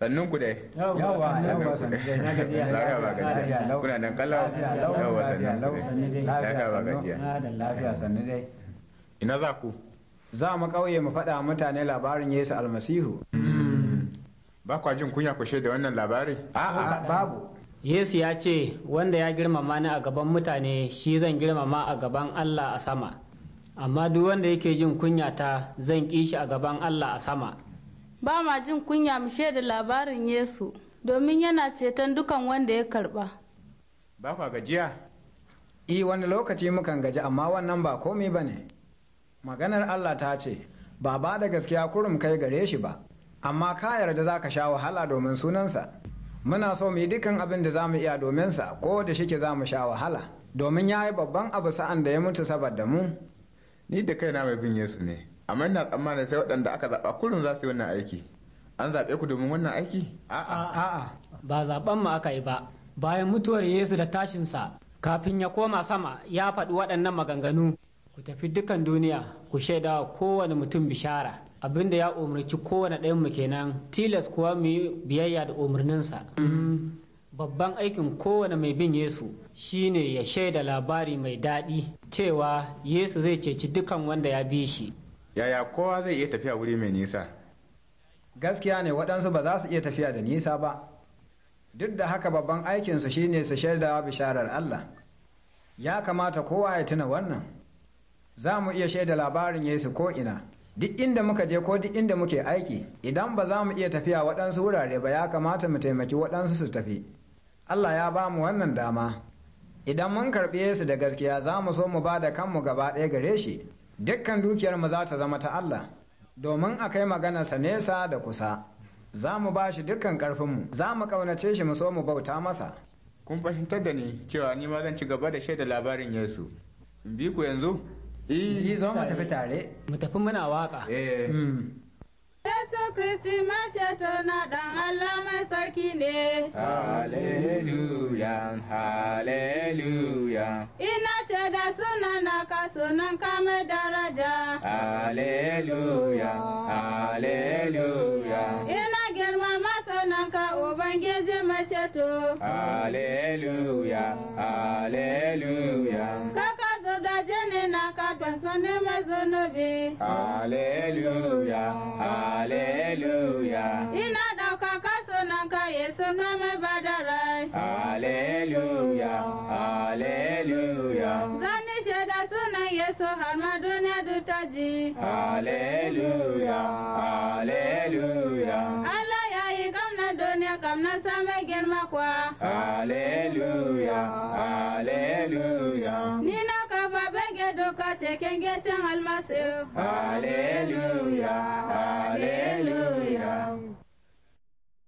sannun ku dai yawa yawa lafiya ba gajiya kuna nan kalau yawa sannun lafiya ba gajiya lafiya sannu dai ina za ku za mu kauye mu faɗa mutane labarin Yesu almasihu hmm. ba kwa jin kunya ku da wannan labari a'a babu Yesu ya ce wanda ya girmama ni a gaban mutane shi zan girmama a gaban Allah a sama amma duk wanda yake jin kunya ta zan ƙi shi a gaban Allah a sama ba ma jin kunya mu shaida labarin Yesu domin yana ceton dukan wanda ya karba. Ba kwa gajiya? I wani lokaci mukan gaji amma wannan ba komai ba ne. Maganar Allah ta ce, ba ba da gaskiya kurum kai gare shi ba, amma ka yarda za ka sha wahala domin sunansa. Muna so mu yi dukan abin da za mu iya dominsa ko da shike za mu sha wahala, domin ya yi babban abu sa'an da ya mutu saboda mu. Ni da kaina mai bin Yesu ne. amma ina tsammanin sai waɗanda aka zaɓa kullum za su yi wannan aiki an zaɓe ku domin wannan aiki a'a ba zaɓen mu aka yi ba bayan mutuwar Yesu da tashinsa kafin ya koma sama ya faɗi waɗannan maganganu ku tafi dukan duniya ku shaida kowane mutum bishara abin da ya umarci kowane ɗayan mu kenan tilas kuwa mu biyayya da umarninsa mm-hmm. babban aikin kowane mai bin Yesu shine ya shaida labari mai daɗi cewa Yesu zai ceci dukan wanda ya bi shi yaya kowa zai iya tafiya wuri mai nisa gaskiya ne waɗansu ba za su iya tafiya da nisa ba duk da haka babban aikinsu shine su shaida bisharar allah ya kamata kowa ya tuna wannan za mu iya shaida labarin yesu ko ina duk inda muka je ko duk inda muke aiki idan ba za mu iya tafiya waɗansu wurare ba ya kamata mu taimaki waɗansu su tafi allah ya ba mu wannan dama idan mun karɓi yesu da gaskiya za mu so mu ba da kanmu gaba ɗaya gare shi dukkan dukiyar mu za ta zama ta Allah domin a kai maganarsa nesa da kusa za mu ba shi dukkan ƙarfinmu za mu ƙaunace shi mu so mu bauta masa kun fahimtar da ni cewa ni ma zan ci gaba da shaida labarin Yesu in bi ku yanzu eh zo mu tafi tare mu tafi muna waka eh. hmm. Yesu Kristi maceto na dan Allah mai sarki ne. Hallelujah, hallelujah. Ina da sunan naka sunan ka mai daraja. Hallelujah, hallelujah. Ina girmama sunan ka Ubangiji mai ceto. Hallelujah, hallelujah. Kaka zubda jini na ka tansani mai zunubi. Hallelujah, hallelujah. Ina ɗaukaka sunan ka Yesu ga mai badarai. Hallelujah, hallelujah. Hallelujah. Zani sheda suna Yesu har ma duniya Hallelujah. Hallelujah. Allah ya ikamna gamna duniya gamna same girma kwa. Hallelujah. Hallelujah. Ni na kafa bege doka cikin gecen Hallelujah. Hallelujah.